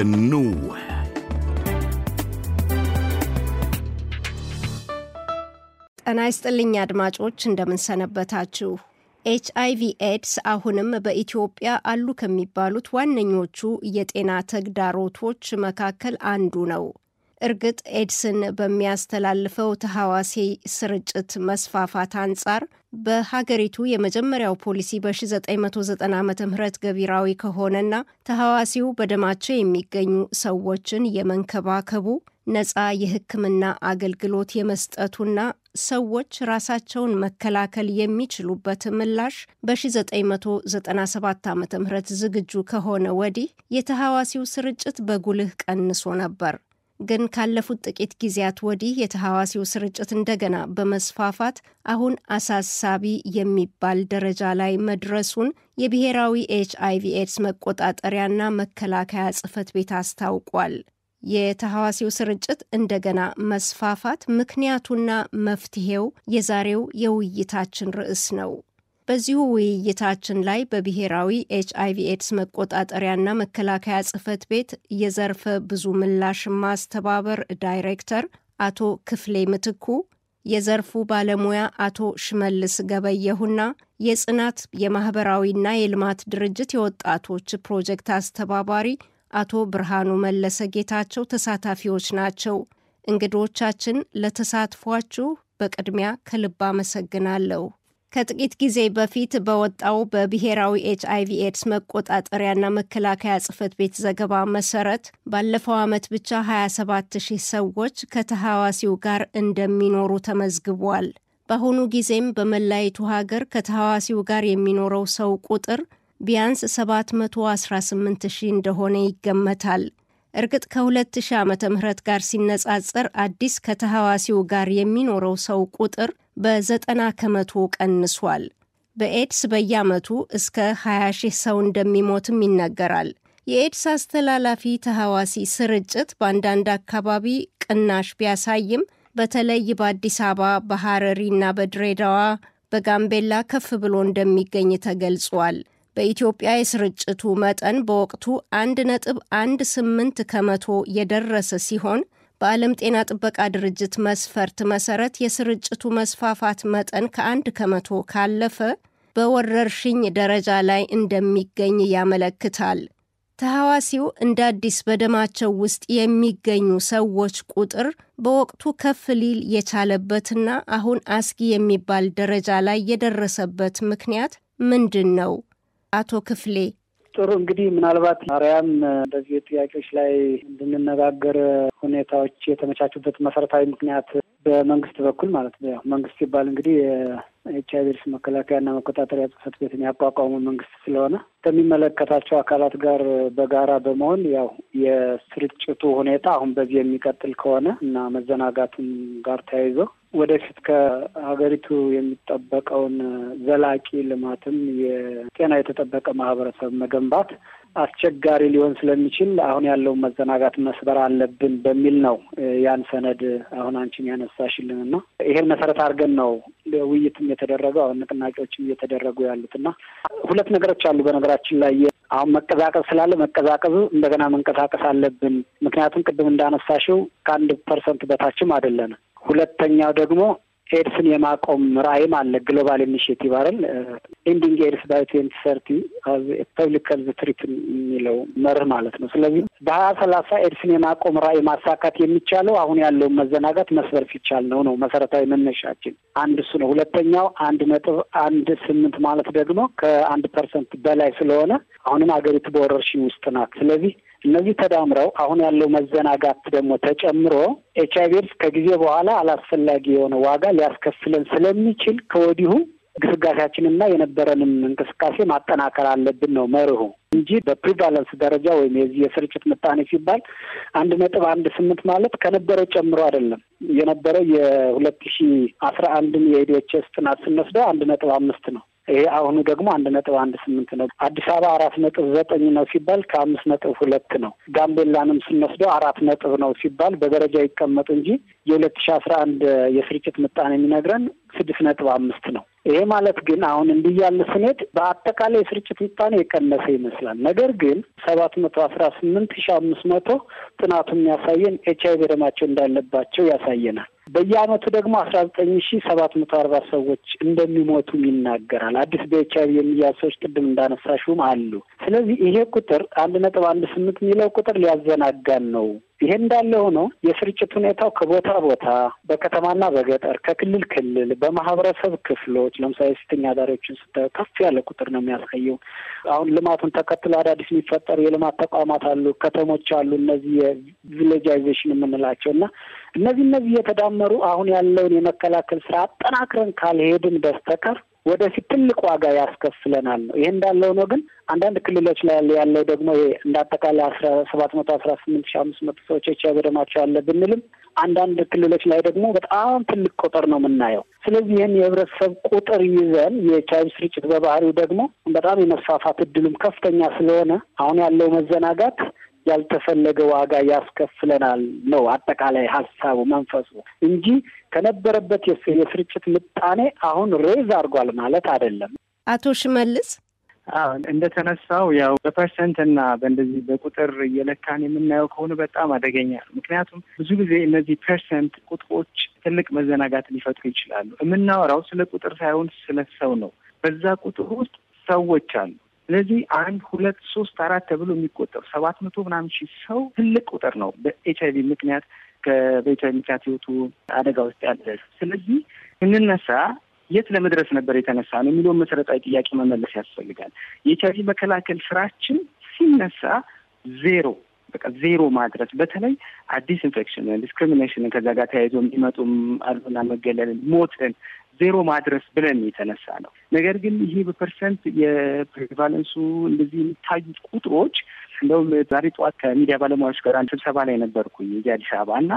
النوة ጤና ይስጥልኝ አድማጮች፣ እንደምንሰነበታችሁ። ኤች አይ ቪ ኤድስ አሁንም በኢትዮጵያ አሉ ከሚባሉት ዋነኞቹ የጤና ተግዳሮቶች መካከል አንዱ ነው። እርግጥ ኤድስን በሚያስተላልፈው ተሐዋሲ ስርጭት መስፋፋት አንጻር በሀገሪቱ የመጀመሪያው ፖሊሲ በ1990 ዓ ም ገቢራዊ ከሆነና ተሐዋሲው በደማቸው የሚገኙ ሰዎችን የመንከባከቡ ነፃ የሕክምና አገልግሎት የመስጠቱና ሰዎች ራሳቸውን መከላከል የሚችሉበት ምላሽ በ1997 ዓ ም ዝግጁ ከሆነ ወዲህ የተሐዋሲው ስርጭት በጉልህ ቀንሶ ነበር። ግን ካለፉት ጥቂት ጊዜያት ወዲህ የተሐዋሲው ስርጭት እንደገና በመስፋፋት አሁን አሳሳቢ የሚባል ደረጃ ላይ መድረሱን የብሔራዊ ኤች አይቪ ኤድስ መቆጣጠሪያና መከላከያ ጽህፈት ቤት አስታውቋል። የተሐዋሲው ስርጭት እንደገና መስፋፋት ምክንያቱና መፍትሄው የዛሬው የውይይታችን ርዕስ ነው። በዚሁ ውይይታችን ላይ በብሔራዊ ኤች አይቪ ኤድስ መቆጣጠሪያና መከላከያ ጽህፈት ቤት የዘርፈ ብዙ ምላሽ ማስተባበር ዳይሬክተር አቶ ክፍሌ ምትኩ፣ የዘርፉ ባለሙያ አቶ ሽመልስ ገበየሁና የጽናት የማህበራዊና የልማት ድርጅት የወጣቶች ፕሮጀክት አስተባባሪ አቶ ብርሃኑ መለሰ ጌታቸው ተሳታፊዎች ናቸው። እንግዶቻችን ለተሳትፏችሁ በቅድሚያ ከልብ አመሰግናለሁ። ከጥቂት ጊዜ በፊት በወጣው በብሔራዊ ኤች አይቪ ኤድስ መቆጣጠሪያና መከላከያ ጽህፈት ቤት ዘገባ መሰረት ባለፈው ዓመት ብቻ 27 ሺህ ሰዎች ከተሐዋሲው ጋር እንደሚኖሩ ተመዝግቧል። በአሁኑ ጊዜም በመላይቱ ሀገር ከተሐዋሲው ጋር የሚኖረው ሰው ቁጥር ቢያንስ 718 ሺህ እንደሆነ ይገመታል። እርግጥ ከ2000 ዓ ም ጋር ሲነጻጸር አዲስ ከተሐዋሲው ጋር የሚኖረው ሰው ቁጥር በዘጠና ከመቶ ቀንሷል። በኤድስ በየዓመቱ እስከ 20 ሺህ ሰው እንደሚሞትም ይነገራል። የኤድስ አስተላላፊ ተሐዋሲ ስርጭት በአንዳንድ አካባቢ ቅናሽ ቢያሳይም በተለይ በአዲስ አበባ እና በድሬዳዋ በጋምቤላ ከፍ ብሎ እንደሚገኝ ተገልጿል። በኢትዮጵያ የስርጭቱ መጠን በወቅቱ 1.18 ከመቶ የደረሰ ሲሆን በዓለም ጤና ጥበቃ ድርጅት መስፈርት መሰረት የስርጭቱ መስፋፋት መጠን ከአንድ ከመቶ ካለፈ በወረርሽኝ ደረጃ ላይ እንደሚገኝ ያመለክታል። ተሐዋሲው እንደ አዲስ በደማቸው ውስጥ የሚገኙ ሰዎች ቁጥር በወቅቱ ከፍ ሊል የቻለበትና አሁን አስጊ የሚባል ደረጃ ላይ የደረሰበት ምክንያት ምንድን ነው? አቶ ክፍሌ? ጥሩ እንግዲህ ምናልባት ማርያም እንደዚህ ጥያቄዎች ላይ እንድንነጋገር ሁኔታዎች የተመቻቹበት መሰረታዊ ምክንያት በመንግስት በኩል ማለት ነው። ያው መንግስት ሲባል እንግዲህ የኤች አይቪ ኤድስ መከላከያና መቆጣጠሪያ ጽፈት ቤትን ያቋቋሙ መንግስት ስለሆነ ከሚመለከታቸው አካላት ጋር በጋራ በመሆን ያው የስርጭቱ ሁኔታ አሁን በዚህ የሚቀጥል ከሆነ እና መዘናጋቱን ጋር ተያይዞ ወደፊት ከሀገሪቱ የሚጠበቀውን ዘላቂ ልማትም የጤና የተጠበቀ ማህበረሰብ መገንባት አስቸጋሪ ሊሆን ስለሚችል አሁን ያለውን መዘናጋት መስበር አለብን በሚል ነው ያን ሰነድ አሁን አንቺን ያነሳሽልን እና ይሄን መሰረት አድርገን ነው ውይይትም የተደረገው አሁን ንቅናቄዎችም እየተደረጉ ያሉት እና ሁለት ነገሮች አሉ በነገራችን ላይ አሁን መቀዛቀዝ ስላለ መቀዛቀዙ እንደገና መንቀሳቀስ አለብን። ምክንያቱም ቅድም እንዳነሳሽው ከአንድ ፐርሰንት በታችም አይደለንም። ሁለተኛው ደግሞ ኤድስን የማቆም ራዕይም አለ። ግሎባል ኢኒሽቲቭ አይደል ኤንዲንግ ኤድስ ባይ ትዌንቲ ሰርቲ ፐብሊክ ሄልዝ ትሪት የሚለው መርህ ማለት ነው። ስለዚህ በሀያ ሰላሳ ኤድስን የማቆም ራዕይ ማሳካት የሚቻለው አሁን ያለውን መዘናጋት መስበር ሲቻል ነው ነው መሰረታዊ መነሻችን አንድ እሱ ነው። ሁለተኛው አንድ ነጥብ አንድ ስምንት ማለት ደግሞ ከአንድ ፐርሰንት በላይ ስለሆነ አሁንም አገሪቱ በወረርሽኝ ውስጥ ናት። ስለዚህ እነዚህ ተዳምረው አሁን ያለው መዘናጋት ደግሞ ተጨምሮ ኤች አይቪ ኤድስ ከጊዜ በኋላ አላስፈላጊ የሆነ ዋጋ ሊያስከፍለን ስለሚችል ከወዲሁ እንቅስቃሴያችንና የነበረንም እንቅስቃሴ ማጠናከር አለብን ነው መርሁ እንጂ በፕሪቫለንስ ደረጃ ወይም የዚህ የስርጭት ምጣኔ ሲባል አንድ ነጥብ አንድ ስምንት ማለት ከነበረው ጨምሮ አይደለም። የነበረው የሁለት ሺ አስራ አንድን የኤድኤችኤስ ጥናት ስንወስደው አንድ ነጥብ አምስት ነው። ይሄ አሁኑ ደግሞ አንድ ነጥብ አንድ ስምንት ነው። አዲስ አበባ አራት ነጥብ ዘጠኝ ነው ሲባል ከአምስት ነጥብ ሁለት ነው። ጋምቤላንም ስንወስደው አራት ነጥብ ነው ሲባል በደረጃ ይቀመጡ እንጂ የሁለት ሺ አስራ አንድ የስርጭት ምጣኔ የሚነግረን ስድስት ነጥብ አምስት ነው። ይሄ ማለት ግን አሁን እንዲህ ያለ ስንሄድ በአጠቃላይ የስርጭት ምጣኔ የቀነሰ ይመስላል። ነገር ግን ሰባት መቶ አስራ ስምንት ሺ አምስት መቶ ጥናቱ የሚያሳየን ኤች አይቪ ረማቸው እንዳለባቸው ያሳየናል። በየአመቱ ደግሞ አስራ ዘጠኝ ሺ ሰባት መቶ አርባ ሰዎች እንደሚሞቱም ይናገራል። አዲስ በኤች አይቪ የሚያዙ ሰዎች ቅድም እንዳነሳሹም አሉ። ስለዚህ ይሄ ቁጥር አንድ ነጥብ አንድ ስምንት የሚለው ቁጥር ሊያዘናጋን ነው። ይሄ እንዳለ ሆኖ የስርጭት ሁኔታው ከቦታ ቦታ በከተማና በገጠር ከክልል ክልል በማህበረሰብ ክፍሎች ለምሳሌ ሴተኛ አዳሪዎችን ስታዩ ከፍ ያለ ቁጥር ነው የሚያሳየው። አሁን ልማቱን ተከትሎ አዳዲስ የሚፈጠሩ የልማት ተቋማት አሉ፣ ከተሞች አሉ፣ እነዚህ የቪሌጃይዜሽን የምንላቸው እና እነዚህ እነዚህ የተዳመሩ አሁን ያለውን የመከላከል ስራ አጠናክረን ካልሄድን በስተቀር ወደፊት ትልቅ ዋጋ ያስከፍለናል ነው። ይህ እንዳለው ነው። ግን አንዳንድ ክልሎች ላይ ያለው ደግሞ ይሄ እንደ አጠቃላይ አስራ ሰባት መቶ አስራ ስምንት ሺ አምስት መቶ ሰዎች ኤች በደማቸው አለ ብንልም አንዳንድ ክልሎች ላይ ደግሞ በጣም ትልቅ ቁጥር ነው የምናየው። ስለዚህ ይህን የህብረተሰብ ቁጥር ይዘን የኤች አይቪ ስርጭት በባህሪው ደግሞ በጣም የመስፋፋት እድሉም ከፍተኛ ስለሆነ አሁን ያለው መዘናጋት ያልተፈለገ ዋጋ ያስከፍለናል ነው አጠቃላይ ሀሳቡ መንፈሱ እንጂ ከነበረበት የስርጭት ምጣኔ አሁን ሬዝ አድርጓል ማለት አይደለም። አቶ ሽመልስ እንደተነሳው ያው በፐርሰንት እና በእንደዚህ በቁጥር እየለካን የምናየው ከሆነ በጣም አደገኛ ነው። ምክንያቱም ብዙ ጊዜ እነዚህ ፐርሰንት ቁጥሮች ትልቅ መዘናጋት ሊፈጥሩ ይችላሉ። የምናወራው ስለ ቁጥር ሳይሆን ስለ ሰው ነው። በዛ ቁጥር ውስጥ ሰዎች አሉ። ስለዚህ አንድ ሁለት ሶስት አራት ተብሎ የሚቆጠሩ ሰባት መቶ ምናምን ሺህ ሰው ትልቅ ቁጥር ነው በኤች አይቪ ምክንያት በኤች ምክንያት ህይወቱ አደጋ ውስጥ ያለ። ስለዚህ እንነሳ የት ለመድረስ ነበር የተነሳ ነው የሚለውን መሰረታዊ ጥያቄ መመለስ ያስፈልጋል። የኤች አይቪ መከላከል ስራችን ሲነሳ ዜሮ በቃ ዜሮ ማድረስ በተለይ አዲስ ኢንፌክሽን ዲስክሪሚኔሽንን ከዛ ጋር ተያይዞ የሚመጡም አሉና መገለልን፣ ሞትን ዜሮ ማድረስ ብለን የተነሳ ነው። ነገር ግን ይሄ በፐርሰንት የፕሬቫለንሱ እንደዚህ የሚታዩት ቁጥሮች እንደውም ዛሬ ጠዋት ከሚዲያ ባለሙያዎች ጋር አንድ ስብሰባ ላይ ነበርኩኝ እዚህ አዲስ አበባ እና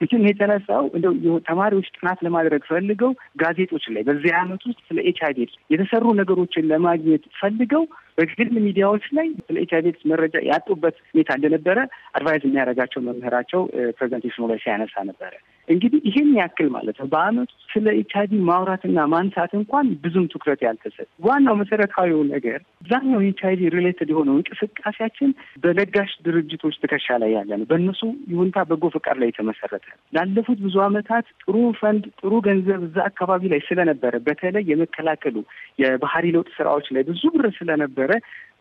ምችም የተነሳው እንደው ተማሪዎች ጥናት ለማድረግ ፈልገው ጋዜጦች ላይ በዚህ ዓመት ውስጥ ስለ ኤች አይቪ ኤድስ የተሰሩ ነገሮችን ለማግኘት ፈልገው በግል ሚዲያዎች ላይ ስለ ኤች አይቪ ኤድስ መረጃ ያጡበት ሁኔታ እንደነበረ አድቫይዝ የሚያደርጋቸው መምህራቸው ፕሬዘንቴሽኑ ላይ ሲያነሳ ነበረ። እንግዲህ ይህን ያክል ማለት ነው። በአመቱ ስለ ኤች አይቪ ማውራትና ማንሳት እንኳን ብዙም ትኩረት ያልተሰጥ ዋናው መሰረታዊው ነገር አብዛኛው ኤች አይቪ ሪሌትድ የሆነው እንቅስቃሴያችን በለጋሽ ድርጅቶች ትከሻ ላይ ያለ ነው። በእነሱ ይሁንታ በጎ ፈቃድ ላይ የተመሰረተ ላለፉት ብዙ አመታት ጥሩ ፈንድ፣ ጥሩ ገንዘብ እዛ አካባቢ ላይ ስለነበረ በተለይ የመከላከሉ የባህሪ ለውጥ ስራዎች ላይ ብዙ ብር ስለነበረ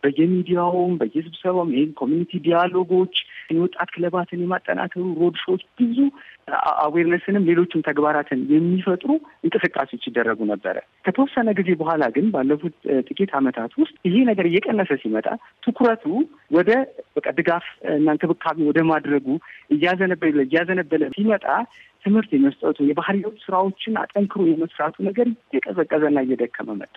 በየሚዲያውም በየስብሰባውም ይህን ኮሚኒቲ ዲያሎጎች የወጣት ክለባትን የማጠናከሩ ሮድ ሾዎች፣ ብዙ አዌርነስንም ሌሎችም ተግባራትን የሚፈጥሩ እንቅስቃሴዎች ይደረጉ ነበረ። ከተወሰነ ጊዜ በኋላ ግን ባለፉት ጥቂት ዓመታት ውስጥ ይሄ ነገር እየቀነሰ ሲመጣ ትኩረቱ ወደ በቃ ድጋፍ እና እንክብካቤ ወደ ማድረጉ እያዘነበለ እያዘነበለ ሲመጣ ትምህርት የመስጠቱ የባህሪ ለውጥ ስራዎችን አጠንክሮ የመስራቱ ነገር እየቀዘቀዘና እየደከመ መጣ።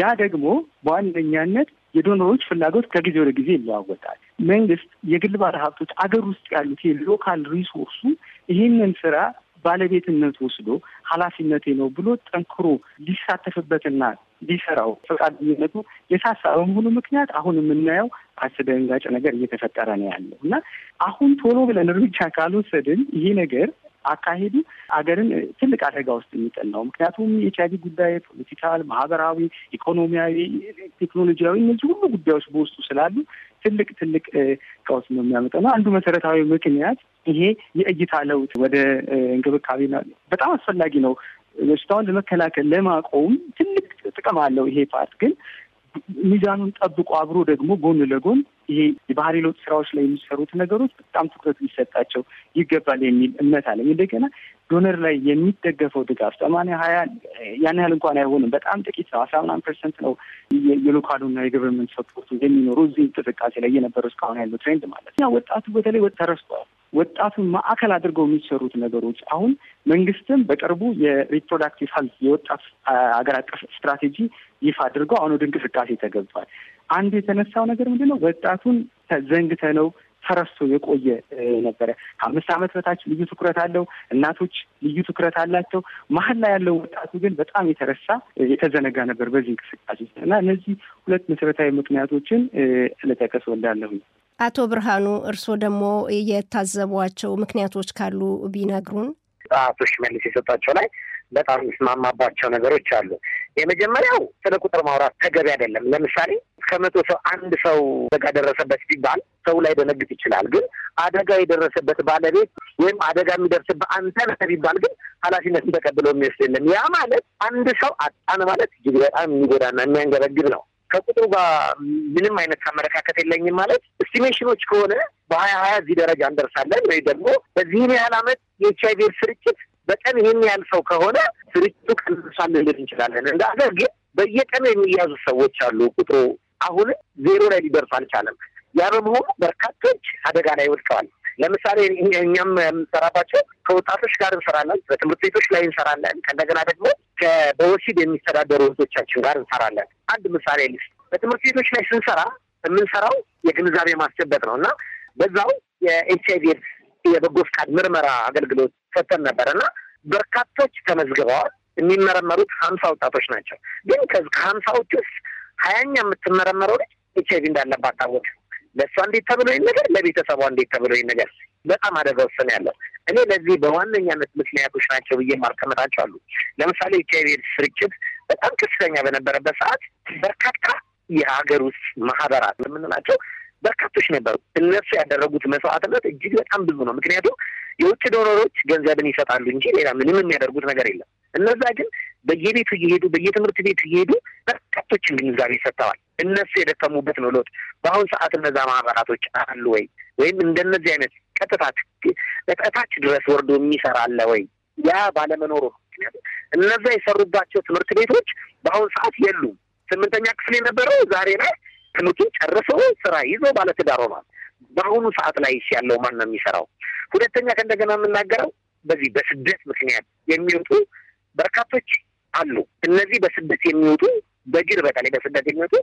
ያ ደግሞ በዋነኛነት የዶኖሮች ፍላጎት ከጊዜ ወደ ጊዜ ይለዋወጣል። መንግስት፣ የግል ባለሀብቶች፣ አገር ውስጥ ያሉት የሎካል ሪሶርሱ ይህንን ስራ ባለቤትነት ወስዶ ኃላፊነቴ ነው ብሎ ጠንክሮ ሊሳተፍበትና ሊሰራው ፈቃደኝነቱ የሳሳ በመሆኑ ምክንያት አሁን የምናየው አስደንጋጭ ነገር እየተፈጠረ ነው ያለው እና አሁን ቶሎ ብለን እርምጃ ካልወሰድን ይሄ ነገር አካሄዱ አገርን ትልቅ አደጋ ውስጥ የሚጥል ነው። ምክንያቱም የኤች አይቪ ጉዳይ ፖለቲካል፣ ማህበራዊ፣ ኢኮኖሚያዊ፣ ቴክኖሎጂያዊ እነዚህ ሁሉ ጉዳዮች በውስጡ ስላሉ ትልቅ ትልቅ ቀውስ ነው የሚያመጣ ነው። አንዱ መሰረታዊ ምክንያት ይሄ የእይታ ለውጥ ወደ እንክብካቤ በጣም አስፈላጊ ነው። በሽታውን ለመከላከል ለማቆም ትልቅ ጥቅም አለው። ይሄ ፓርት ግን ሚዛኑን ጠብቆ አብሮ ደግሞ ጎን ለጎን ይሄ የባህሪ ለውጥ ስራዎች ላይ የሚሰሩት ነገሮች በጣም ትኩረት ሊሰጣቸው ይገባል የሚል እምነት አለኝ። እንደገና ዶነር ላይ የሚደገፈው ድጋፍ ሰማንያ ሀያ ያን ያህል እንኳን አይሆንም። በጣም ጥቂት ነው። አስራ ምናምን ፐርሰንት ነው የሎካሉና የገቨርንመንት ሰፖርቱ የሚኖሩ እዚህ እንቅስቃሴ ላይ የነበረው እስካሁን ያለው ትሬንድ ማለት ነው። ወጣቱ በተለይ ተረስቷል። ወጣቱን ማዕከል አድርገው የሚሰሩት ነገሮች አሁን መንግስትም በቅርቡ የሪፕሮዳክቲቭ ሀልት የወጣት አገር አቀፍ ስትራቴጂ ይፋ አድርገው አሁን ወደ እንቅስቃሴ ተገብቷል። አንድ የተነሳው ነገር ምንድን ነው? ወጣቱን ዘንግተ ነው ተረስቶ የቆየ ነበረ። ከአምስት ዓመት በታች ልዩ ትኩረት አለው፣ እናቶች ልዩ ትኩረት አላቸው። መሀል ላይ ያለው ወጣቱ ግን በጣም የተረሳ የተዘነጋ ነበር በዚህ እንቅስቃሴ እና እነዚህ ሁለት መሰረታዊ ምክንያቶችን ልጠቀስ ወዳለሁ። አቶ ብርሃኑ እርስዎ ደግሞ የታዘቧቸው ምክንያቶች ካሉ ቢነግሩን። አቶ ሽመልስ የሰጣቸው ላይ በጣም የሚስማማባቸው ነገሮች አሉ። የመጀመሪያው ስለ ቁጥር ማውራት ተገቢ አይደለም። ለምሳሌ ከመቶ ሰው አንድ ሰው አደጋ ደረሰበት ሲባል ሰው ላይ ደነግጥ ይችላል። ግን አደጋ የደረሰበት ባለቤት ወይም አደጋ የሚደርስበት አንተ ነህ ቢባል ግን ኃላፊነትን ተቀብሎ የሚወስድ የለም። ያ ማለት አንድ ሰው አጣን ማለት እጅግ በጣም የሚጎዳና የሚያንገበግብ ነው። ከቁጥሩ ጋር ምንም አይነት አመለካከት የለኝም። ማለት እስቲሜሽኖች ከሆነ በሀያ ሀያ እዚህ ደረጃ እንደርሳለን ወይ ደግሞ በዚህን ያህል ዓመት የኤች አይቪ ስርጭት በቀን ይህን ያህል ሰው ከሆነ ስርጭቱ ቀንሳ ልንል እንችላለን። እንደ ሀገር ግን በየቀኑ የሚያዙ ሰዎች አሉ። ቁጥሩ አሁን ዜሮ ላይ ሊደርስ አልቻለም። ያ በመሆኑ በርካቶች አደጋ ላይ ወድቀዋል። ለምሳሌ እኛም የምንሰራባቸው ከወጣቶች ጋር እንሰራለን፣ በትምህርት ቤቶች ላይ እንሰራለን። ከእንደገና ደግሞ በወሲብ የሚተዳደሩ እህቶቻችን ጋር እንሰራለን። አንድ ምሳሌ ልስ በትምህርት ቤቶች ላይ ስንሰራ የምንሰራው የግንዛቤ ማስጨበጥ ነው እና በዛው የኤች አይቪ ኤድስ የበጎ ፍቃድ ምርመራ አገልግሎት ሰጥተን ነበር እና በርካቶች ተመዝግበዋል። የሚመረመሩት ሀምሳ ወጣቶች ናቸው። ግን ከዚ ከሀምሳዎች ውስጥ ሀያኛ የምትመረመረው ልጅ ኤች አይቪ እንዳለባት ታወቀ። ለእሷ እንዴት ተብሎ ይህ ነገር፣ ለቤተሰቧ እንዴት ተብሎ ይህ ነገር፣ በጣም አደጋ ውስጥ ያለው። እኔ ለዚህ በዋነኛነት ምክንያቶች ናቸው ብዬ ማርከመጣቸው አሉ። ለምሳሌ ኤች አይቪ ኤድስ ስርጭት በጣም ከፍተኛ በነበረበት ሰዓት በርካታ የሀገር ውስጥ ማህበራት የምንላቸው በርካቶች ነበሩ። እነሱ ያደረጉት መስዋዕትነት እጅግ በጣም ብዙ ነው። ምክንያቱም የውጭ ዶኖሮች ገንዘብን ይሰጣሉ እንጂ ሌላ ምንም የሚያደርጉት ነገር የለም። እነዛ ግን በየቤቱ እየሄዱ በየትምህርት ቤቱ እየሄዱ በርካቶችን ግንዛቤ ሰጥተዋል። እነሱ የደከሙበት ነው ሎት በአሁን ሰዓት እነዛ ማህበራቶች አሉ ወይ? ወይም እንደነዚህ አይነት ቀጥታ እታች ድረስ ወርዶ የሚሰራ አለ ወይ? ያ ባለመኖሩ ምክንያቱም እነዛ የሰሩባቸው ትምህርት ቤቶች በአሁን ሰዓት የሉም። ስምንተኛ ክፍል የነበረው ዛሬ ላይ ትምህርቱን ጨርሰው ስራ ይዞ ባለትዳር ሆኗል። በአሁኑ ሰዓት ላይ ያለው ማን ነው የሚሰራው? ሁለተኛ ከእንደገና የምናገረው በዚህ በስደት ምክንያት የሚወጡ በርካቶች አሉ። እነዚህ በስደት የሚወጡ በግር በተለይ በስደት የሚወጡ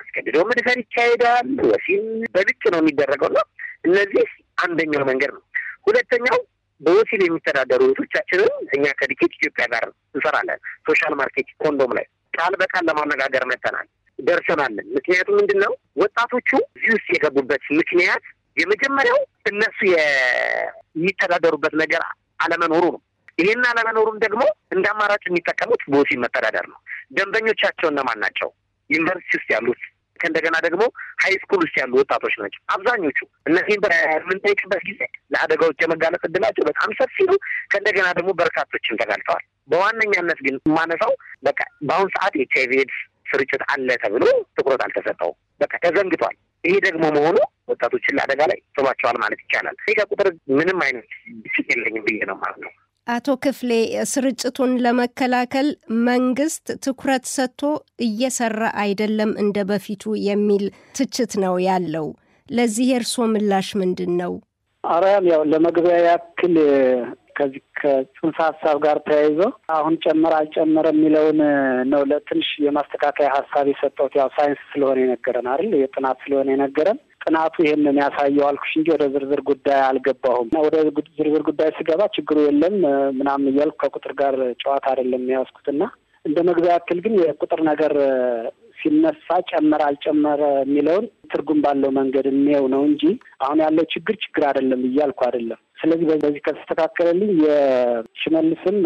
አስገድዶ መድፈር ይካሄዳል። ወሲብ በልቅ ነው የሚደረገው የሚደረገውና እነዚህ አንደኛው መንገድ ነው። ሁለተኛው በወሲብ የሚተዳደሩ እህቶቻችንን እኛ ከድኬት ኢትዮጵያ ጋር እንሰራለን። ሶሻል ማርኬት ኮንዶም ላይ ቃል በቃል ለማነጋገር መጥተናል። ደርሰናለን። ምክንያቱ ምንድን ነው? ወጣቶቹ እዚህ ውስጥ የገቡበት ምክንያት የመጀመሪያው እነሱ የሚተዳደሩበት ነገር አለመኖሩ ነው። ይሄን አለመኖሩም ደግሞ እንደ አማራጭ የሚጠቀሙት ቦሲ መተዳደር ነው። ደንበኞቻቸው እነማን ናቸው? ዩኒቨርሲቲ ውስጥ ያሉት እንደገና ደግሞ ሀይ ስኩል ውስጥ ያሉ ወጣቶች ናቸው አብዛኞቹ። እነዚህም በምንጠይቅበት ጊዜ ለአደጋዎች የመጋለጥ እድላቸው በጣም ሰፊ ነው። ከእንደገና ደግሞ በርካቶችም ተጋልጠዋል። በዋነኛነት ግን የማነሳው በቃ በአሁን ሰዓት ኤች አይቪ ኤድስ ስርጭት አለ ተብሎ ትኩረት አልተሰጠው፣ በቃ ተዘንግቷል። ይሄ ደግሞ መሆኑ ወጣቶችን ለአደጋ ላይ ጥሏቸዋል ማለት ይቻላል። ይህ ከቁጥር ምንም አይነት ስቅ የለኝም ብዬ ነው ማለት ነው። አቶ ክፍሌ ስርጭቱን ለመከላከል መንግስት ትኩረት ሰጥቶ እየሰራ አይደለም እንደ በፊቱ የሚል ትችት ነው ያለው። ለዚህ የእርስዎ ምላሽ ምንድን ነው? አራያም ያው ለመግቢያ ያክል ከዚህ ከጽንሰ ሀሳብ ጋር ተያይዞ አሁን ጨመረ አልጨመረ የሚለውን ነው ለትንሽ የማስተካከያ ሀሳብ የሰጠሁት። ያው ሳይንስ ስለሆነ የነገረን አይደል የጥናት ስለሆነ የነገረን ጥናቱ ይህንን ያሳየው አልኩሽ እንጂ ወደ ዝርዝር ጉዳይ አልገባሁም። ወደ ዝርዝር ጉዳይ ስገባ ችግሩ የለም ምናምን እያልኩ ከቁጥር ጋር ጨዋታ አይደለም የያዝኩትና እንደ መግቢያ ያክል ግን የቁጥር ነገር ሲነሳ ጨመረ አልጨመረ የሚለውን ትርጉም ባለው መንገድ እንየው ነው እንጂ አሁን ያለው ችግር ችግር አይደለም እያልኩ አይደለም። ስለዚህ በዚህ ከተስተካከለልኝ የሽመልስም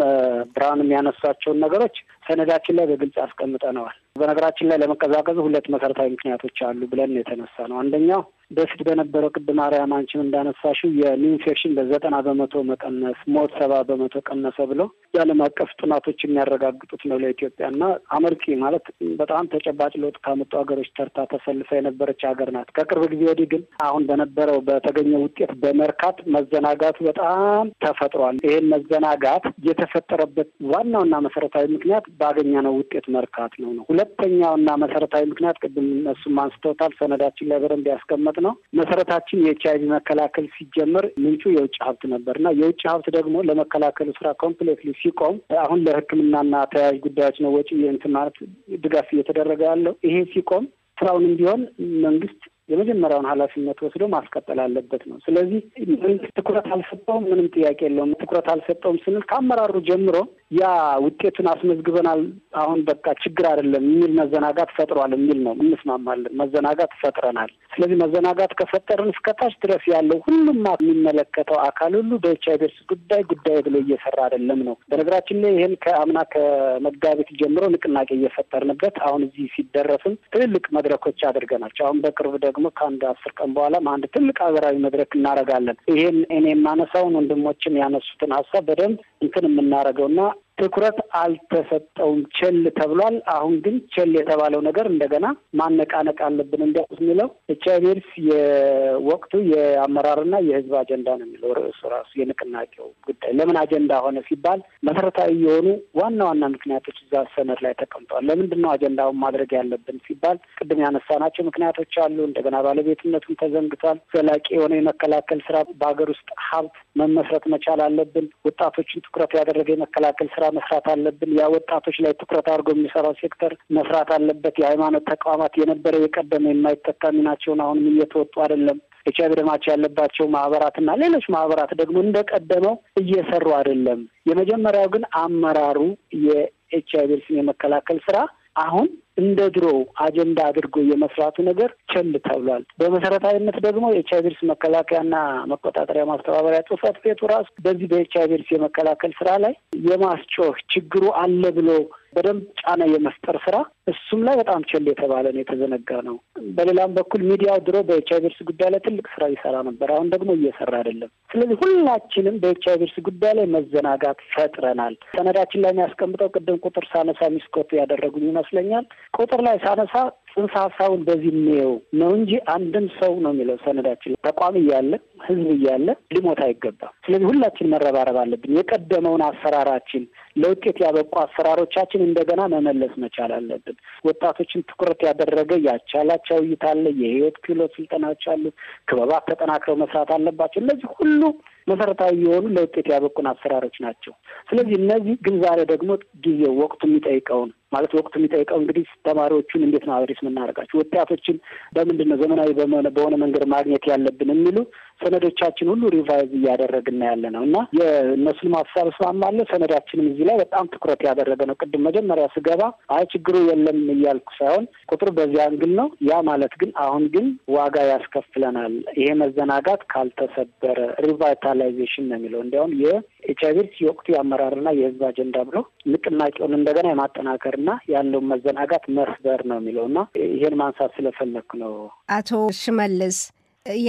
ብርሃን የሚያነሷቸውን ነገሮች ሰነዳችን ላይ በግልጽ አስቀምጠነዋል። በነገራችን ላይ ለመቀዛቀዙ ሁለት መሰረታዊ ምክንያቶች አሉ ብለን የተነሳ ነው። አንደኛው በፊት በነበረው ቅድም ማርያም አንቺም እንዳነሳሽው የኒው ኢንፌክሽን በዘጠና በመቶ መቀነስ፣ ሞት ሰባ በመቶ ቀነሰ ብሎ የዓለም አቀፍ ጥናቶች የሚያረጋግጡት ነው ለኢትዮጵያ እና አመርቂ ማለት በጣም ተጨባጭ ለውጥ ካመጡ ሀገሮች ተርታ ተሰልፈ የነበረች ሀገር ናት። ከቅርብ ጊዜ ወዲህ ግን አሁን በነበረው በተገኘው ውጤት በመርካት መዘናጋቱ በጣም ተፈጥሯል። ይህን መዘናጋት የተፈጠረበት ዋናውና መሰረታዊ ምክንያት ባገኘነው ውጤት መርካት ነው ነው። ሁለተኛውና መሰረታዊ ምክንያት ቅድም እነሱም አንስተውታል፣ ሰነዳችን ላይ በደንብ ያስቀመጥ ነው። መሰረታችን የኤች አይቪ መከላከል ሲጀመር ምንጩ የውጭ ሀብት ነበር እና የውጭ ሀብት ደግሞ ለመከላከሉ ስራ ኮምፕሌትሊ ሲቆም አሁን ለሕክምናና ተያያዥ ጉዳዮች ነው ወጪ እንትን ማለት ድጋፍ እየተደረገ ያለው። ይሄ ሲቆም ስራውንም ቢሆን መንግስት የመጀመሪያውን ኃላፊነት ወስዶ ማስቀጠል አለበት ነው። ስለዚህ መንግስት ትኩረት አልሰጠውም፣ ምንም ጥያቄ የለውም። ትኩረት አልሰጠውም ስንል ከአመራሩ ጀምሮ ያ ውጤቱን አስመዝግበናል፣ አሁን በቃ ችግር አይደለም የሚል መዘናጋት ፈጥሯል የሚል ነው። እንስማማለን፣ መዘናጋት ፈጥረናል። ስለዚህ መዘናጋት ከፈጠርን እስከታች ድረስ ያለው ሁሉም የሚመለከተው አካል ሁሉ በኤች አይ ኤድስ ጉዳይ ጉዳይ ብሎ እየሰራ አይደለም ነው። በነገራችን ላይ ይህን ከአምና ከመጋቢት ጀምሮ ንቅናቄ እየፈጠርንበት አሁን እዚህ ሲደረስም ትልልቅ መድረኮች አድርገናቸው አሁን በቅርብ ደግሞ ደግሞ ከአንድ አስር ቀን በኋላም አንድ ትልቅ ሀገራዊ መድረክ እናደርጋለን። ይህን እኔ የማነሳውን ወንድሞችም ያነሱትን ሀሳብ በደንብ እንትን የምናደርገውና ትኩረት አልተሰጠውም፣ ቸል ተብሏል። አሁን ግን ቸል የተባለው ነገር እንደገና ማነቃነቅ አለብን። እንዲያ የሚለው ኤች ኤድስ የወቅቱ የአመራርና የህዝብ አጀንዳ ነው የሚለው ርዕሱ ራሱ የንቅናቄው ጉዳይ ለምን አጀንዳ ሆነ ሲባል መሰረታዊ የሆኑ ዋና ዋና ምክንያቶች እዛ ሰነድ ላይ ተቀምጠዋል። ለምንድን ነው አጀንዳውን ማድረግ ያለብን ሲባል ቅድም ያነሳናቸው ምክንያቶች አሉ። እንደገና ባለቤትነቱን ተዘንግቷል። ዘላቂ የሆነ የመከላከል ስራ በሀገር ውስጥ ሀብት መመስረት መቻል አለብን። ወጣቶችን ትኩረት ያደረገ የመከላከል ስራ መስራት አለብን። ያ ወጣቶች ላይ ትኩረት አድርጎ የሚሰራው ሴክተር መስራት አለበት። የሃይማኖት ተቋማት የነበረ የቀደመ የማይተካ ሚናቸውን አሁንም እየተወጡ አይደለም። ኤች አይቪ ደማቸው ያለባቸው ማህበራትና ሌሎች ማህበራት ደግሞ እንደቀደመው እየሰሩ አይደለም። የመጀመሪያው ግን አመራሩ የኤች አይቪ ኤድስን የመከላከል ስራ አሁን እንደ ድሮ አጀንዳ አድርጎ የመስራቱ ነገር ቸል ተብሏል። በመሰረታዊነት ደግሞ የኤች አይ ቪድስ መከላከያና መቆጣጠሪያ ማስተባበሪያ ጽህፈት ቤቱ ራሱ በዚህ በኤች አይ ቪርስ የመከላከል ስራ ላይ የማስጮህ ችግሩ አለ ብሎ በደንብ ጫና የመፍጠር ስራ እሱም ላይ በጣም ቸል የተባለ ነው፣ የተዘነጋ ነው። በሌላም በኩል ሚዲያው ድሮ በኤች አይ ቪርስ ጉዳይ ላይ ትልቅ ስራ ይሰራ ነበር፣ አሁን ደግሞ እየሰራ አይደለም። ስለዚህ ሁላችንም በኤች አይ ቪርስ ጉዳይ ላይ መዘናጋት ፈጥረናል። ሰነዳችን ላይ የሚያስቀምጠው ቅድም ቁጥር ሳነሳ ሚስኮቱ ያደረጉን ይመስለኛል ቁጥር ላይ ሳነሳ ጽንሰ ሀሳቡን በዚህ እንየው ነው እንጂ አንድም ሰው ነው የሚለው ሰነዳችን ተቋም እያለ ህዝብ እያለ ሊሞት አይገባም። ስለዚህ ሁላችን መረባረብ አለብን። የቀደመውን አሰራራችን ለውጤት ያበቁ አሰራሮቻችን እንደገና መመለስ መቻል አለብን። ወጣቶችን ትኩረት ያደረገ ያቻላቸው እይታ አለ። የህይወት ክህሎት ስልጠናዎች አሉ። ክበባት ተጠናክረው መስራት አለባቸው። እነዚህ ሁሉ መሰረታዊ የሆኑ ለውጤት ያበቁን አሰራሮች ናቸው። ስለዚህ እነዚህ ግን ዛሬ ደግሞ ጊዜው ወቅቱ የሚጠይቀውን ማለት ወቅቱ የሚጠይቀው እንግዲህ ተማሪዎቹን እንዴት ማበሬስ የምናደርጋቸው ወጣቶችን በምንድን ነው ዘመናዊ በሆነ መንገድ ማግኘት ያለብን የሚሉ ሰነዶቻችን ሁሉ ሪቫይዝ እያደረግን ያለ ነው እና የእነሱን ሀሳብ እስማማለሁ። ሰነዳችንም እዚህ ላይ በጣም ትኩረት ያደረገ ነው። ቅድም መጀመሪያ ስገባ አይ ችግሩ የለም እያልኩ ሳይሆን ቁጥር በዚህ አንግል ነው። ያ ማለት ግን አሁን ግን ዋጋ ያስከፍለናል። ይሄ መዘናጋት ካልተሰበረ ሪቫይታላይዜሽን ነው የሚለው እንዲያውም የኤች አይ ቪ የወቅቱ የአመራርና የህዝብ አጀንዳ ብሎ ንቅናቄውን እንደገና የማጠናከርና ያለውን መዘናጋት መስበር ነው የሚለው እና ይሄን ማንሳት ስለፈለግኩ ነው። አቶ ሽመልስ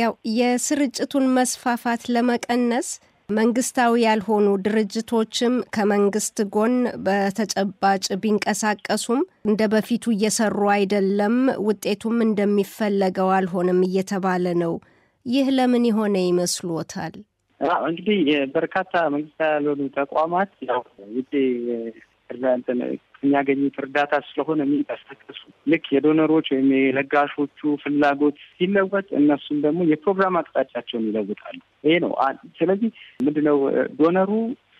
ያው የስርጭቱን መስፋፋት ለመቀነስ መንግስታዊ ያልሆኑ ድርጅቶችም ከመንግስት ጎን በተጨባጭ ቢንቀሳቀሱም እንደ በፊቱ እየሰሩ አይደለም፣ ውጤቱም እንደሚፈለገው አልሆንም እየተባለ ነው። ይህ ለምን የሆነ ይመስሎታል? እንግዲህ በርካታ መንግስታዊ ያልሆኑ ተቋማት ያው ውጭ የሚያገኙት እርዳታ ስለሆነ የሚንቀሳቀሱ ልክ የዶነሮች ወይም የለጋሾቹ ፍላጎት ሲለወጥ እነሱም ደግሞ የፕሮግራም አቅጣጫቸውን ይለውጣሉ። ይሄ ነው። ስለዚህ ምንድነው ዶነሩ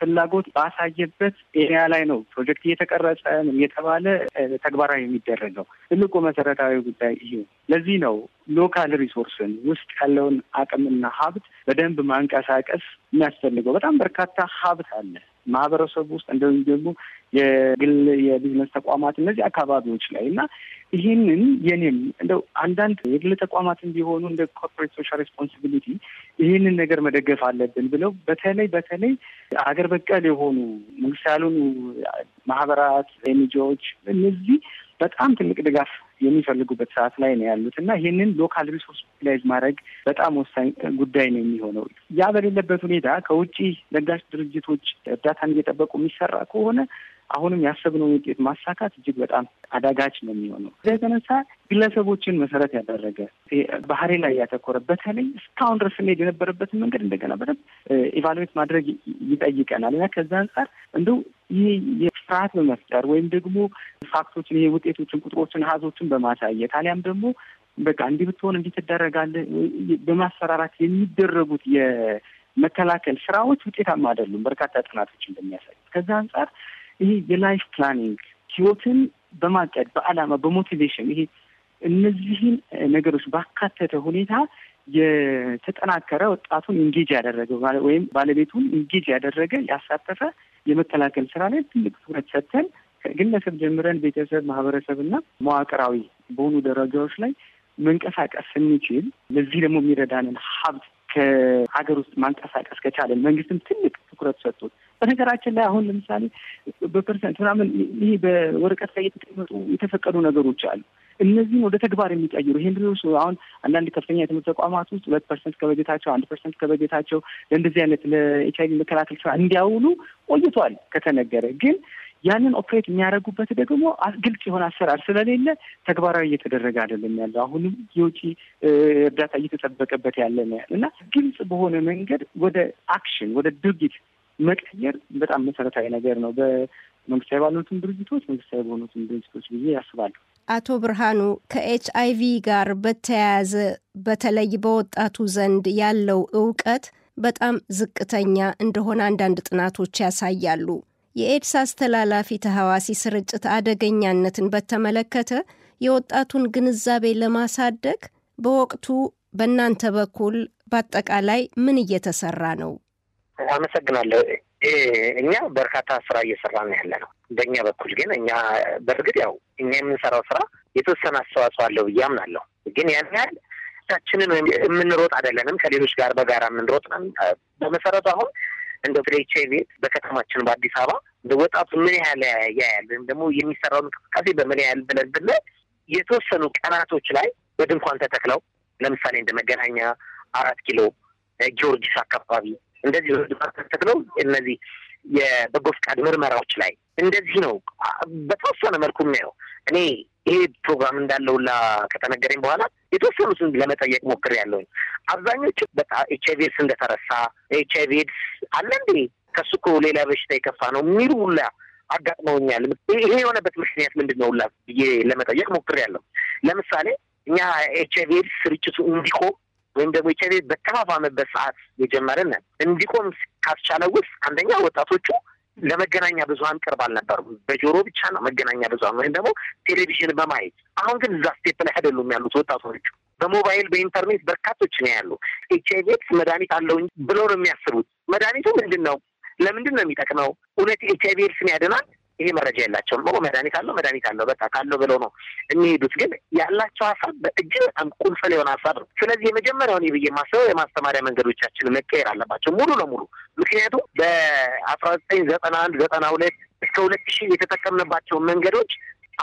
ፍላጎት ባሳየበት ኤሪያ ላይ ነው ፕሮጀክት እየተቀረጸ እየተባለ ተግባራዊ የሚደረገው። ትልቁ መሰረታዊ ጉዳይ ይሄ። ለዚህ ነው ሎካል ሪሶርስን ውስጥ ያለውን አቅምና ሀብት በደንብ ማንቀሳቀስ የሚያስፈልገው። በጣም በርካታ ሀብት አለ። ማህበረሰብ ውስጥ እንደዚህ ደግሞ የግል የቢዝነስ ተቋማት እነዚህ አካባቢዎች ላይ እና ይህንን የኔም እንደው አንዳንድ የግል ተቋማትን ቢሆኑ እንደ ኮርፖሬት ሶሻል ሬስፖንሲቢሊቲ ይህንን ነገር መደገፍ አለብን ብለው በተለይ በተለይ ሀገር በቀል የሆኑ መንግስት ያልሆኑ ማህበራት፣ ኤንጂኦዎች እነዚህ በጣም ትልቅ ድጋፍ የሚፈልጉበት ሰዓት ላይ ነው ያሉት እና ይህንን ሎካል ሪሶርስ ሞቢላይዝ ማድረግ በጣም ወሳኝ ጉዳይ ነው የሚሆነው። ያ በሌለበት ሁኔታ ከውጭ ለጋሽ ድርጅቶች እርዳታን እየጠበቁ የሚሰራ ከሆነ አሁንም ያሰብነውን ውጤት ማሳካት እጅግ በጣም አዳጋች ነው የሚሆነው። እዛ የተነሳ ግለሰቦችን መሰረት ያደረገ ባህሪ ላይ ያተኮረ በተለይ እስካሁን ድረስ ስንሄድ የነበረበትን መንገድ እንደገና በደንብ ኢቫሉዌት ማድረግ ይጠይቀናል እና ከዛ አንጻር እንደው ይህ ስርዓት በመፍጠር ወይም ደግሞ ፋክቶችን ይሄ ውጤቶችን፣ ቁጥሮችን፣ ሀዞችን በማሳየት አሊያም ደግሞ በቃ እንዲህ ብትሆን እንዲህ ትደረጋለህ በማሰራራት የሚደረጉት የመከላከል ስራዎች ውጤታማ አይደሉም። በርካታ ጥናቶች እንደሚያሳዩ። ከዛ አንጻር ይሄ የላይፍ ፕላኒንግ ህይወትን በማቀድ በአላማ በሞቲቬሽን ይሄ እነዚህን ነገሮች ባካተተ ሁኔታ የተጠናከረ ወጣቱን እንጌጅ ያደረገ ወይም ባለቤቱን እንጌጅ ያደረገ ያሳተፈ የመከላከል ስራ ላይ ትልቅ ትኩረት ሰጥተን ከግለሰብ ጀምረን ቤተሰብ፣ ማህበረሰብና መዋቅራዊ በሆኑ ደረጃዎች ላይ መንቀሳቀስ ስንችል ለዚህ ደግሞ የሚረዳንን ሀብት ከሀገር ውስጥ ማንቀሳቀስ ከቻለን መንግስትም ትልቅ ትኩረት ሰጡት። በነገራችን ላይ አሁን ለምሳሌ በፐርሰንት ምናምን ይሄ በወረቀት ላይ የተቀመጡ የተፈቀዱ ነገሮች አሉ። እነዚህን ወደ ተግባር የሚቀይሩ ይህን አሁን አንዳንድ ከፍተኛ የትምህርት ተቋማት ውስጥ ሁለት ፐርሰንት ከበጀታቸው አንድ ፐርሰንት ከበጀታቸው ለእንደዚህ አይነት ለኤች አይቪ መከላከል ስራ እንዲያውሉ ቆይቷል ከተነገረ ግን ያንን ኦፕሬት የሚያደርጉበት ደግሞ ግልጽ የሆነ አሰራር ስለሌለ ተግባራዊ እየተደረገ አይደለም ያለው። አሁንም የውጭ እርዳታ እየተጠበቀበት ያለ ነው ያለ እና ግልጽ በሆነ መንገድ ወደ አክሽን ወደ ድርጊት መቀየር በጣም መሰረታዊ ነገር ነው። በመንግስታዊ ባልሆኑትም ድርጅቶች መንግስታዊ በሆኑትም ድርጅቶች ብዬ ያስባለሁ። አቶ ብርሃኑ ከኤች ቪ ጋር በተያያዘ በተለይ በወጣቱ ዘንድ ያለው እውቀት በጣም ዝቅተኛ እንደሆነ አንዳንድ ጥናቶች ያሳያሉ። የኤድስ አስተላላፊ ተህዋሲ ስርጭት አደገኛነትን በተመለከተ የወጣቱን ግንዛቤ ለማሳደግ በወቅቱ በእናንተ በኩል በአጠቃላይ ምን እየተሰራ ነው? አመሰግናለሁ። እኛ በርካታ ስራ እየሰራ ነው ያለ ነው። በእኛ በኩል ግን እኛ በእርግጥ ያው እኛ የምንሰራው ስራ የተወሰነ አስተዋጽኦ አለው ብዬ አምናለሁ። ግን ያን ያህል ታችንን ወይም የምንሮጥ አይደለንም። ከሌሎች ጋር በጋራ የምንሮጥ ነው። በመሰረቱ አሁን እንደ ስለ ኤች አይቪ በከተማችን በአዲስ አበባ ወጣቱ ምን ያህል ያያል ወይም ደግሞ የሚሰራው እንቅስቃሴ በምን ያህል ብለን ብለ የተወሰኑ ቀናቶች ላይ በድንኳን ተተክለው ለምሳሌ እንደ መገናኛ፣ አራት ኪሎ፣ ጊዮርጊስ አካባቢ እንደዚህ በድንኳን ተተክለው እነዚህ የበጎ ፍቃድ ምርመራዎች ላይ እንደዚህ ነው በተወሰነ መልኩ የሚያየው እኔ ይሄ ፕሮግራም እንዳለ ሁላ ከተነገረኝ በኋላ የተወሰኑትን ለመጠየቅ ሞክር ያለው አብዛኞቹ በቃ ኤች አይቪ ኤድስ እንደተረሳ ኤች አይቪ ኤድስ አለ እንዴ ከሱ እኮ ሌላ በሽታ የከፋ ነው የሚሉ ሁላ አጋጥመውኛል። ይሄ የሆነበት ምክንያት ምንድን ነው ሁላ ብዬ ለመጠየቅ ያለው ለምሳሌ እኛ ኤች አይቪ ኤድስ ስርጭቱ እንዲቆም ወይም ደግሞ ኤች አይቪ በተፋፋመበት ሰዓት የጀመርን እንዲቆም ካስቻለ ውስጥ አንደኛ ወጣቶቹ ለመገናኛ ብዙሀን ቅርብ አልነበሩም። በጆሮ ብቻ ነው መገናኛ ብዙሀን ወይም ደግሞ ቴሌቪዥን በማየት አሁን ግን እዛ ስቴፕ ላይ አይደሉም ያሉት ወጣቶች በሞባይል በኢንተርኔት በርካቶች ነው ያሉ። ኤች አይቪ ኤድስ መድኃኒት አለው ብለው ነው የሚያስቡት። መድኃኒቱ ምንድን ነው? ለምንድን ነው የሚጠቅመው? እውነት ኤች አይቪ ኤድስን ያድናል? ይሄ መረጃ የላቸውም። ሞ መድኃኒት አለው መድኃኒት አለው በቃ ካለው ብለው ነው የሚሄዱት። ግን ያላቸው ሀሳብ በእጅ በጣም ቁንጽል የሆነ ሀሳብ ነው። ስለዚህ የመጀመሪያውን ብዬ ማስበው የማስተማሪያ መንገዶቻችን መቀየር አለባቸው ሙሉ ለሙሉ ምክንያቱም በአስራ ዘጠኝ ዘጠና አንድ ዘጠና ሁለት እስከ ሁለት ሺህ የተጠቀምንባቸውን መንገዶች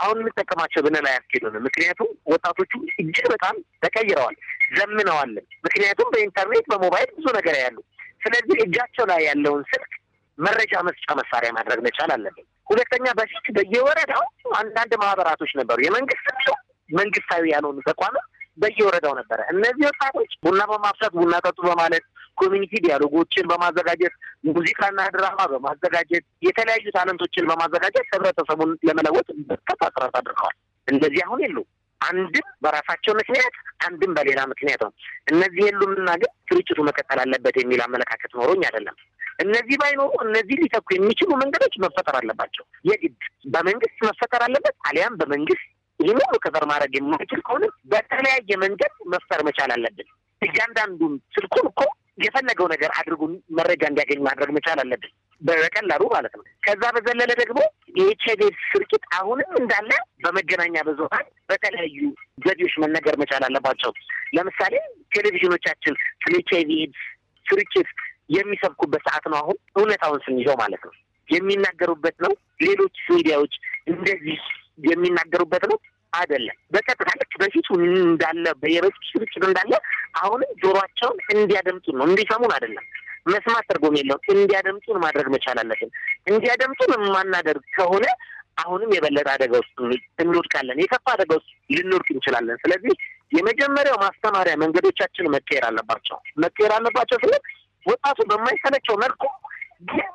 አሁን የምንጠቀማቸው ብንላይ አስኪሉን ምክንያቱም ወጣቶቹ እጅግ በጣም ተቀይረዋል፣ ዘምነዋለን። ምክንያቱም በኢንተርኔት በሞባይል ብዙ ነገር ያሉ ስለዚህ እጃቸው ላይ ያለውን ስልክ መረጃ መስጫ መሳሪያ ማድረግ መቻል አለብን። ሁለተኛ በፊት በየወረዳው አንዳንድ ማህበራቶች ነበሩ። የመንግስት የሚለው መንግስታዊ ያልሆኑ ተቋማት በየወረዳው ነበረ። እነዚህ ወጣቶች ቡና በማፍላት ቡና ጠጡ በማለት ኮሚኒቲ ዲያሎጎችን በማዘጋጀት ሙዚቃና ድራማ በማዘጋጀት የተለያዩ ታለንቶችን በማዘጋጀት ህብረተሰቡን ለመለወጥ በርካታ ጥረት አድርገዋል። እንደዚህ አሁን የሉ አንድም በራሳቸው ምክንያት አንድም በሌላ ምክንያት ነው። እነዚህ የሉምና ግን ስርጭቱ መቀጠል አለበት የሚል አመለካከት ኖሮኝ አይደለም። እነዚህ ባይኖሩ እነዚህ ሊተኩ የሚችሉ መንገዶች መፈጠር አለባቸው። የግድ በመንግስት መፈጠር አለበት። አሊያም በመንግስት ይህን ሁሉ ከበር ማድረግ የማይችል ከሆነ በተለያየ መንገድ መፍጠር መቻል አለብን። እያንዳንዱን ስልኩን እኮ የፈለገው ነገር አድርጉን መረጃ እንዲያገኝ ማድረግ መቻል አለብን፣ በቀላሉ ማለት ነው። ከዛ በዘለለ ደግሞ የኤች አይቪ ስርጭት አሁንም እንዳለ በመገናኛ ብዙኃን በተለያዩ ዘዴዎች መነገር መቻል አለባቸው። ለምሳሌ ቴሌቪዥኖቻችን ስለ ኤች ኤድስ ስርጭት የሚሰብኩበት ሰዓት ነው። አሁን እውነታውን ስንይዘው ማለት ነው የሚናገሩበት ነው። ሌሎች ሚዲያዎች እንደዚህ የሚናገሩበት ነው አይደለም። በቀጥታ ልክ በፊት እንዳለ የበፊት ስርጭት እንዳለ አሁንም ጆሯቸውን እንዲያደምጡን ነው እንዲሰሙን አይደለም። መስማት ትርጉም የለውም። እንዲያደምጡን ማድረግ መቻል አለብን። እንዲያደምጡን የማናደርግ ከሆነ አሁንም የበለጠ አደጋ ውስጥ እንወድቃለን፣ የከፋ አደጋ ውስጥ ልንወድቅ እንችላለን። ስለዚህ የመጀመሪያው ማስተማሪያ መንገዶቻችን መቀየር አለባቸው መቀየር አለባቸው ስንል ወጣቱ በማይሰለቸው መልኩ ግን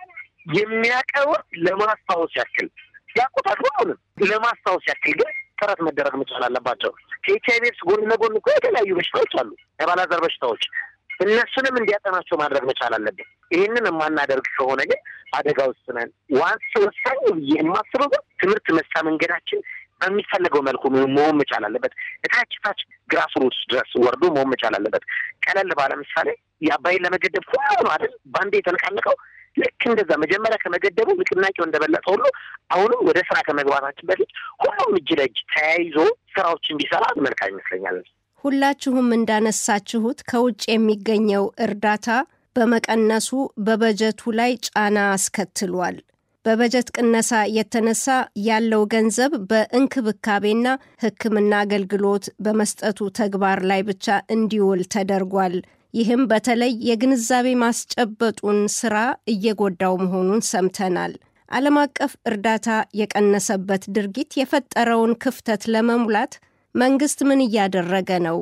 የሚያቀርብ ለማስታወስ ያክል ያቆጣል ሁሉንም ለማስታወስ ያክል ግን ጥረት መደረግ መቻል አለባቸው። ከኤች አይቪ ኤድስ ጎን ለጎን እኮ የተለያዩ በሽታዎች አሉ፣ የባላዘር በሽታዎች እነሱንም እንዲያጠናቸው ማድረግ መቻል አለብን። ይህንን የማናደርግ ከሆነ ግን አደጋ ውስጥ ነን። ዋንስ ወሳኝ የማስበው ትምህርት መስጫ መንገዳችን በሚፈለገው መልኩ መሆን መቻል አለበት። እታች ታች ግራስ ሩት ድረስ ወርዶ መሆን መቻል አለበት። ቀለል ባለ ምሳሌ የአባይን ለመገደብ ሁሉ ነው አይደል ባንዴ የተነቃነቀው። ልክ እንደዛ መጀመሪያ ከመገደቡ ንቅናቄው እንደበለጠ ሁሉ አሁንም ወደ ስራ ከመግባታችን በፊት ሁሉም እጅ ለእጅ ተያይዞ ስራዎች እንዲሰራ መልካም ይመስለኛል። ሁላችሁም እንዳነሳችሁት ከውጭ የሚገኘው እርዳታ በመቀነሱ በበጀቱ ላይ ጫና አስከትሏል። በበጀት ቅነሳ የተነሳ ያለው ገንዘብ በእንክብካቤና ሕክምና አገልግሎት በመስጠቱ ተግባር ላይ ብቻ እንዲውል ተደርጓል። ይህም በተለይ የግንዛቤ ማስጨበጡን ስራ እየጎዳው መሆኑን ሰምተናል። ዓለም አቀፍ እርዳታ የቀነሰበት ድርጊት የፈጠረውን ክፍተት ለመሙላት መንግስት ምን እያደረገ ነው?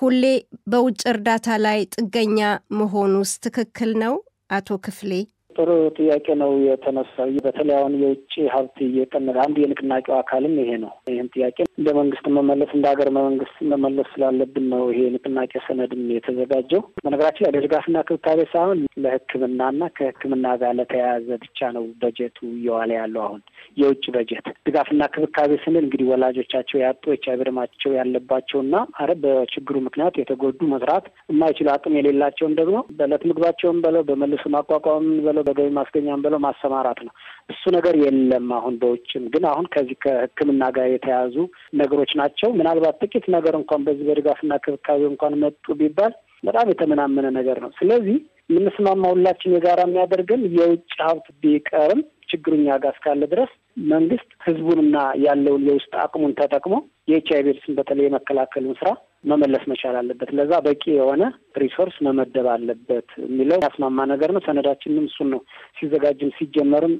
ሁሌ በውጭ እርዳታ ላይ ጥገኛ መሆኑስ ትክክል ነው? አቶ ክፍሌ ጥሩ ጥያቄ ነው የተነሳው። በተለይ አሁን የውጭ ሀብት እየቀነሰ አንድ የንቅናቄው አካልም ይሄ ነው። ይህን ጥያቄ እንደ መንግስት መመለስ እንደ ሀገር መንግስት መመለስ ስላለብን ነው ይሄ ንቅናቄ ሰነድም የተዘጋጀው። በነገራችን ላይ ለድጋፍና ክብካቤ ሳይሆን ለሕክምናና ከሕክምና ጋር ለተያያዘ ብቻ ነው በጀቱ እየዋለ ያለው። አሁን የውጭ በጀት ድጋፍና ክብካቤ ስንል እንግዲህ ወላጆቻቸው ያጡ ኤች አይ ቪ ደማቸው ያለባቸውና አረ በችግሩ ምክንያት የተጎዱ መስራት የማይችሉ አቅም የሌላቸውን ደግሞ በዕለት ምግባቸውን በለው በመልሶ ማቋቋም በለው በገቢ ማስገኛም ብለው ማሰማራት ነው። እሱ ነገር የለም። አሁን በውጭም ግን አሁን ከዚህ ከሕክምና ጋር የተያያዙ ነገሮች ናቸው። ምናልባት ጥቂት ነገር እንኳን በዚህ በድጋፍና ክብካቤ እንኳን መጡ ቢባል በጣም የተመናመነ ነገር ነው። ስለዚህ የምንስማማ ሁላችን የጋራ የሚያደርገን የውጭ ሀብት ቢቀርም ችግሩ እኛ ጋር እስካለ ድረስ መንግስት ህዝቡንና ያለውን የውስጥ አቅሙን ተጠቅሞ የኤች አይቪ ኤድስን በተለይ የመከላከሉን ስራ መመለስ መቻል አለበት። ለዛ በቂ የሆነ ሪሶርስ መመደብ አለበት የሚለው ያስማማ ነገር ነው። ሰነዳችንም እሱን ነው ሲዘጋጅም ሲጀመርም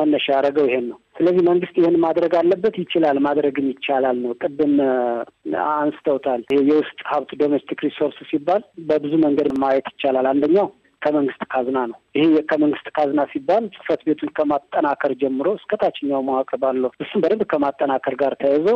መነሻ ያደረገው ይሄን ነው። ስለዚህ መንግስት ይህን ማድረግ አለበት፣ ይችላል፣ ማድረግም ይቻላል ነው። ቅድም አንስተውታል። የውስጥ ሀብት ዶሜስቲክ ሪሶርስ ሲባል በብዙ መንገድ ማየት ይቻላል። አንደኛው ከመንግስት ካዝና ነው። ይሄ ከመንግስት ካዝና ሲባል ጽህፈት ቤቱን ከማጠናከር ጀምሮ እስከ ታችኛው መዋቅር ባለው እሱም በደንብ ከማጠናከር ጋር ተያይዞ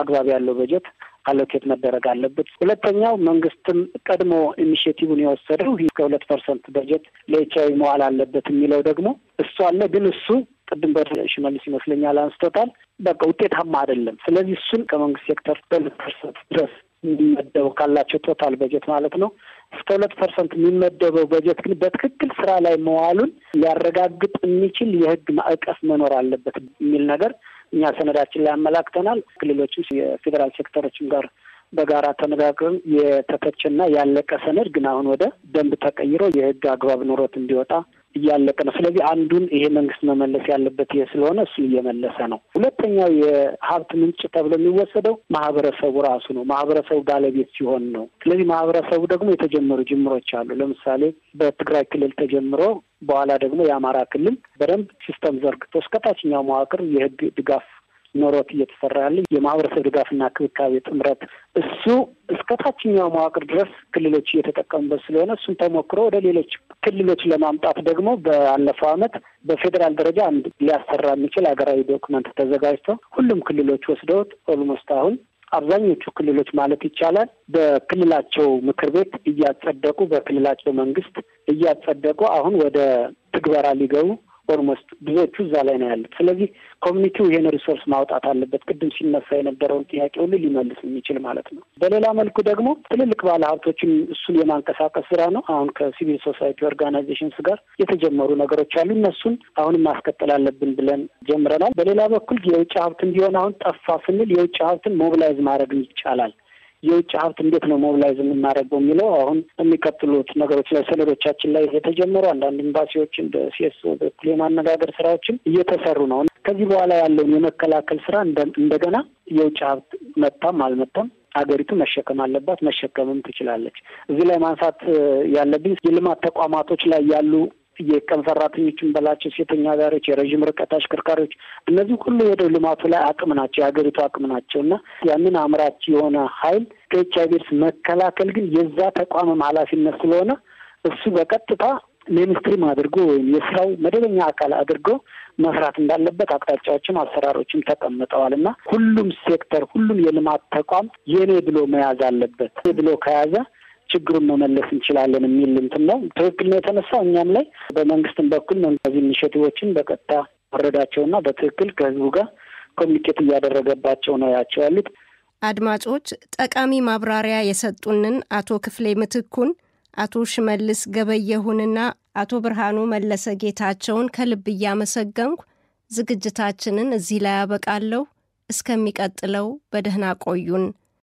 አግባብ ያለው በጀት አሎኬት መደረግ አለበት። ሁለተኛው መንግስትም ቀድሞ ኢኒሽቲቭን የወሰደው እስከ ሁለት ፐርሰንት በጀት ለኤች አይ መዋል አለበት የሚለው ደግሞ እሱ አለ። ግን እሱ ቅድም በሽመልስ ይመስለኛል አንስቶታል። በቃ ውጤታማ አይደለም። ስለዚህ እሱን ከመንግስት ሴክተር በሁለት ፐርሰንት ድረስ የሚመደበው ካላቸው ቶታል በጀት ማለት ነው እስከ ሁለት ፐርሰንት የሚመደበው በጀት ግን በትክክል ስራ ላይ መዋሉን ሊያረጋግጥ የሚችል የህግ ማዕቀፍ መኖር አለበት የሚል ነገር እኛ ሰነዳችን ላይ አመላክተናል። ክልሎችም የፌዴራል ሴክተሮችም ጋር በጋራ ተነጋግረን የተተቸና ያለቀ ሰነድ ግን አሁን ወደ ደንብ ተቀይሮ የህግ አግባብ ኑሮት እንዲወጣ እያለቀ ነው። ስለዚህ አንዱን ይሄ መንግስት መመለስ ያለበት ይሄ ስለሆነ እሱ እየመለሰ ነው። ሁለተኛው የሀብት ምንጭ ተብሎ የሚወሰደው ማህበረሰቡ ራሱ ነው። ማህበረሰቡ ባለቤት ሲሆን ነው። ስለዚህ ማህበረሰቡ ደግሞ የተጀመሩ ጅምሮች አሉ። ለምሳሌ በትግራይ ክልል ተጀምሮ በኋላ ደግሞ የአማራ ክልል በደንብ ሲስተም ዘርግቶ እስከ ታችኛው መዋቅር የህግ ድጋፍ ኖሮት እየተሰራ ያለ የማህበረሰብ ድጋፍና ክብካቤ ጥምረት እሱ እስከ ታችኛው መዋቅር ድረስ ክልሎች እየተጠቀሙበት ስለሆነ እሱን ተሞክሮ ወደ ሌሎች ክልሎች ለማምጣት ደግሞ በአለፈው ዓመት በፌዴራል ደረጃ አንድ ሊያሰራ የሚችል ሀገራዊ ዶክመንት ተዘጋጅቶ ሁሉም ክልሎች ወስደውት ኦልሞስት አሁን አብዛኞቹ ክልሎች ማለት ይቻላል በክልላቸው ምክር ቤት እያጸደቁ በክልላቸው መንግስት እያጸደቁ አሁን ወደ ትግበራ ሊገቡ ኦልሞስት ብዙዎቹ እዛ ላይ ነው ያሉት። ስለዚህ ኮሚኒቲው ይሄን ሪሶርስ ማውጣት አለበት፣ ቅድም ሲነሳ የነበረውን ጥያቄ ሁሉ ሊመልስ የሚችል ማለት ነው። በሌላ መልኩ ደግሞ ትልልቅ ባለሀብቶችን እሱን የማንቀሳቀስ ስራ ነው። አሁን ከሲቪል ሶሳይቲ ኦርጋናይዜሽንስ ጋር የተጀመሩ ነገሮች አሉ። እነሱን አሁንም ማስቀጠል አለብን ብለን ጀምረናል። በሌላ በኩል የውጭ ሀብት እንዲሆን አሁን ጠፋ ስንል የውጭ ሀብትን ሞቢላይዝ ማድረግ ይቻላል። የውጭ ሀብት እንዴት ነው ሞብላይዝ የምናደርገው የሚለው አሁን የሚቀጥሉት ነገሮች ላይ ሰነዶቻችን ላይ የተጀመሩ አንዳንድ ኤምባሲዎች እንደ ሲኤስ በኩል የማነጋገር ስራዎችም እየተሰሩ ነው። ከዚህ በኋላ ያለውን የመከላከል ስራ እንደገና የውጭ ሀብት መጣም አልመጣም አገሪቱ መሸከም አለባት፣ መሸከምም ትችላለች። እዚህ ላይ ማንሳት ያለብኝ የልማት ተቋማቶች ላይ ያሉ የቀን ሰራተኞች እንበላቸው፣ ሴተኛ አዳሪዎች፣ የረዥም ርቀት አሽከርካሪዎች እነዚህ ሁሉ ወደ ልማቱ ላይ አቅም ናቸው፣ የሀገሪቱ አቅም ናቸው እና ያንን አምራች የሆነ ሀይል ከኤች አይ ኤድስ መከላከል ግን የዛ ተቋምም ኃላፊነት ስለሆነ እሱ በቀጥታ ሜንስትሪም አድርጎ ወይም የስራው መደበኛ አካል አድርጎ መስራት እንዳለበት አቅጣጫዎችም አሰራሮችም ተቀምጠዋል እና ሁሉም ሴክተር ሁሉም የልማት ተቋም የኔ ብሎ መያዝ አለበት ብሎ ከያዘ ችግሩን መመለስ እንችላለን የሚል እንትን ነው። ትክክል ነው የተነሳው። እኛም ላይ በመንግስትም በኩል እነዚህ ኢኒሽቲቮችን በቀጥታ ወረዳቸውና በትክክል ከህዝቡ ጋር ኮሚኒኬት እያደረገባቸው ነው ያቸው ያሉት። አድማጮች ጠቃሚ ማብራሪያ የሰጡንን አቶ ክፍሌ ምትኩን፣ አቶ ሽመልስ ገበየሁንና አቶ ብርሃኑ መለሰ ጌታቸውን ከልብ እያመሰገንኩ ዝግጅታችንን እዚህ ላይ ያበቃለሁ። እስከሚቀጥለው በደህና ቆዩን።